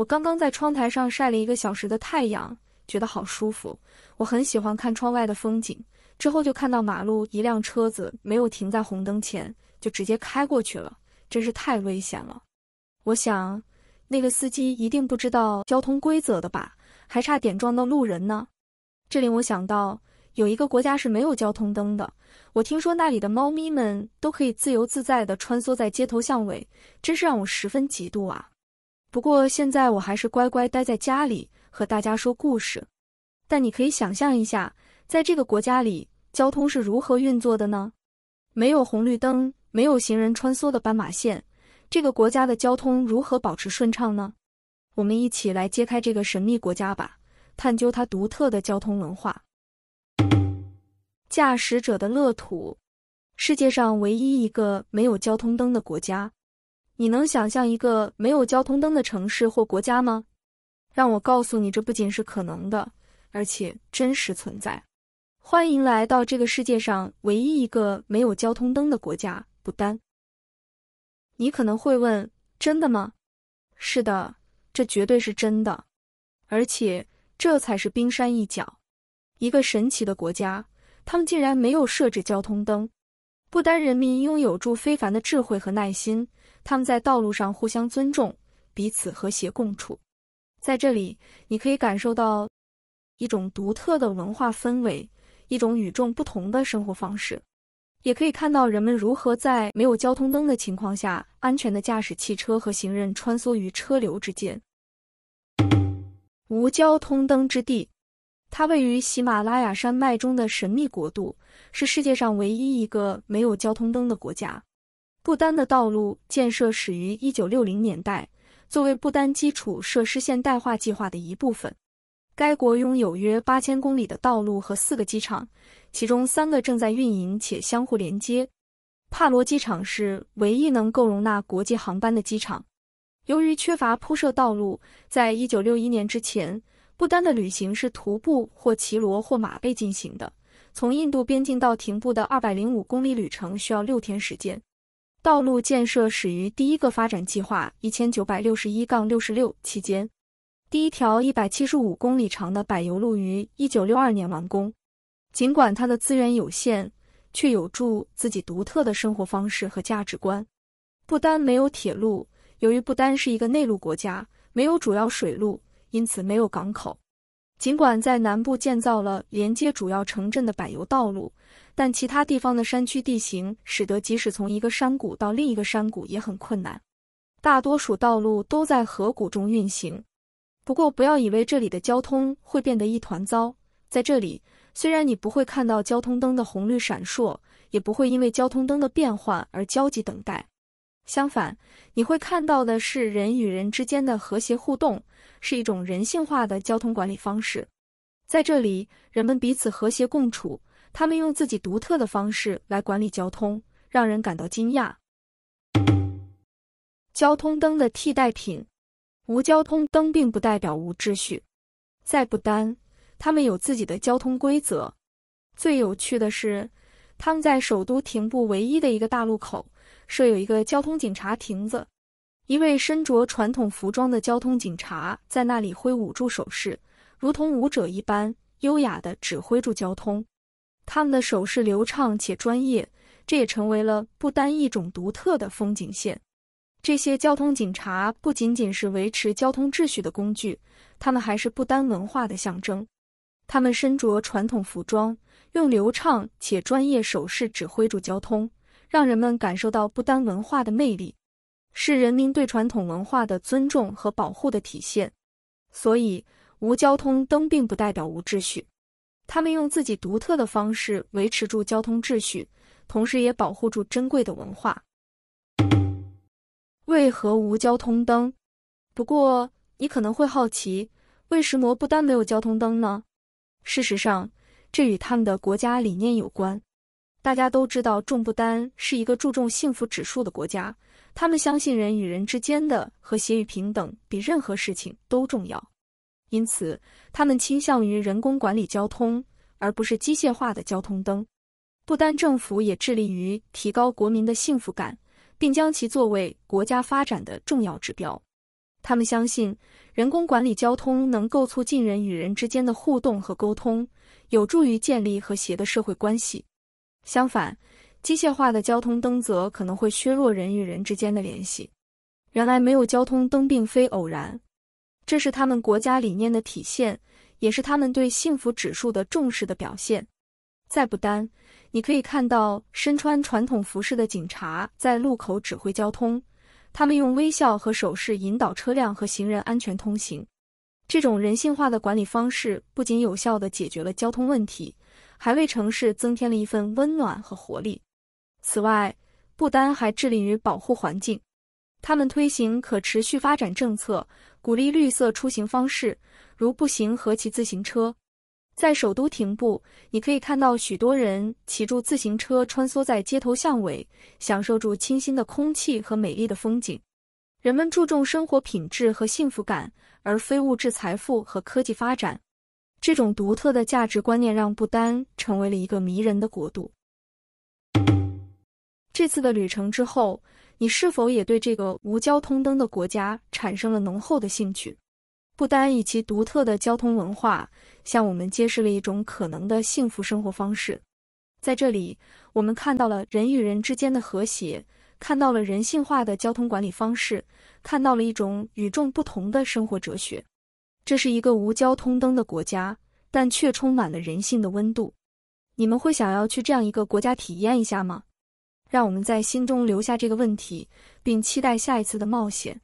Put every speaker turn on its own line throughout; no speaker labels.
我剛剛在窗台上曬了一個小時的太陽，覺得好舒服。我很喜歡看窗外的風景。之後就看到馬路一輛車子沒有停在紅燈前，就直接開過去了，真是太危險了。我想那個司機一定不知道交通規則的吧？還差點撞到路人呢。這令我想到，有一個國家是沒有交通燈的。我聽說那裡的貓咪們都可以自由自在地穿梭在街頭巷尾，真是讓我十分嫉妒啊。不過現在我還是乖乖待在家裡和大家說故事。但你可以想象一下，在這個國家裡，交通是如何運作的呢？沒有紅綠燈，沒有行人穿梭的斑馬線，這個國家的交通如何保持順暢呢？我們一起來揭開這個神秘國家吧，探究它獨特的交通文化。駕駛者的樂土，世界上唯一一個沒有交通燈的國家。你能想象一個沒有交通燈的城市或國家嗎？讓我告訴你，這不僅是可能的，而且真實存在。歡迎來到這個世界上唯一一個沒有交通燈的國家——不丹。你可能會問：“真的嗎？”是的，這絕對是真的，而且這才是冰山一角。一個神奇的國家，他們竟然沒有設置交通燈。不丹人民擁有著非凡的智慧和耐心，他們在道路上互相尊重，彼此和諧共處。在這裡，你可以感受到一種獨特的文化氛圍，一種與眾不同的生活方式，也可以看到人們如何在沒有交通燈的情況下，安全的駕駛汽車和行人穿梭於車流之間。無交通燈之地。它位於喜馬拉雅山脈中的神秘國度，是世界上唯一一個沒有交通燈的國家。不丹的道路建設始於1960年代，作為不丹基礎設施現代化計劃的一部分。該國擁有約8000公里的道路和四個機場，其中三個正在運營且相互連接。帕羅機場是唯一能夠容納國際航班的機場。由於缺乏鋪設道路，在1961年之前。不丹的旅行是徒步、或騎騾、或馬背進行的。從印度邊境到廷布的二百零五公里旅程需要六天時間。道路建設始於第一個發展計劃一千九百六十一槓六十六期間。第一條一百七十五公里長的柏油路於一九六二年完工。儘管它的資源有限，卻有助自己獨特的生活方式和價值觀。不丹沒有鐵路，由於不丹是一個內陸國家，沒有主要水路。因此沒有港口。儘管在南部建造了連接主要城鎮的柏油道路，但其他地方的山區地形使得即使從一個山谷到另一個山谷也很困難。大多數道路都在河谷中運行。不過，不要以為這裡的交通會變得一團糟。在這裡，雖然你不會看到交通燈的紅綠閃爍，也不會因為交通燈的變換而焦急等待。相反，你會看到的是人與人之間的和諧互動。是一種人性化的交通管理方式，在這裡，人們彼此和諧共處，他們用自己獨特的方式來管理交通，讓人感到驚訝。交通燈的替代品，無交通燈並不代表無秩序。在不丹，他們有自己的交通規則。最有趣的是，他們在首都廷布唯一的一個大路口設有一個交通警察亭子。一位身着傳統服裝的交通警察在那裡揮舞著手勢，如同舞者一般優雅地指揮著交通。他們的手勢流暢且專業，這也成為了不丹一種獨特的風景線。這些交通警察不僅僅是維持交通秩序的工具，他們還是不丹文化的象徵。他們身着傳統服裝，用流暢且專業手勢指揮著交通，讓人們感受到不丹文化的魅力。是人民對傳統文化的尊重和保護的體現，所以無交通燈並不代表無秩序。他們用自己獨特的方式維持住交通秩序，同時也保護住珍貴的文化。為何無交通燈？不過你可能會好奇，為什麼不丹沒有交通燈呢？事實上，這與他們的國家理念有關。大家都知道，不丹是一個注重幸福指數的國家。他們相信人與人之間的和諧與平等比任何事情都重要，因此他們傾向於人工管理交通，而不是機械化的交通燈。不丹政府也致力於提高國民的幸福感，並將其作為國家發展的重要指標。他們相信人工管理交通能夠促進人與人之間的互動和溝通，有助於建立和諧的社會關係。相反，機械化的交通燈則可能會削弱人與人之間的聯繫。原來沒有交通燈並非偶然，這是他們國家理念的體現，也是他們對幸福指數的重視的表現。在不丹，你可以看到身穿傳統服飾的警察在路口指揮交通，他們用微笑和手勢引導車輛和行人安全通行。這種人性化的管理方式不僅有效地解決了交通問題，還為城市增添了一份溫暖和活力。此外，不丹還致力於保護環境。他們推行可持續發展政策，鼓勵綠色出行方式，如步行和騎自行車。在首都廷布，你可以看到許多人騎著自行車穿梭在街頭巷尾，享受住清新的空氣和美麗的風景。人們注重生活品質和幸福感，而非物質財富和科技發展。這種獨特的價值觀念讓不丹成為了一個迷人的國度。這次的旅程之後，你是否也對這個無交通燈的國家產生了濃厚的興趣？不丹以其獨特的交通文化，向我們揭示了一種可能的幸福生活方式。在這裡，我們看到了人與人之間的和諧，看到了人性化的交通管理方式，看到了一種與眾不同的生活哲學。這是一個無交通燈的國家，但卻充滿了人性的溫度。你們會想要去這樣一個國家體驗一下嗎？讓我們在心中留下這個問題，並期待下一次的冒險。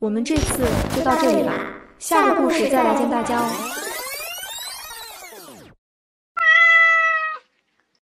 我們這次就到這裡吧，下個故事再來見大家哦。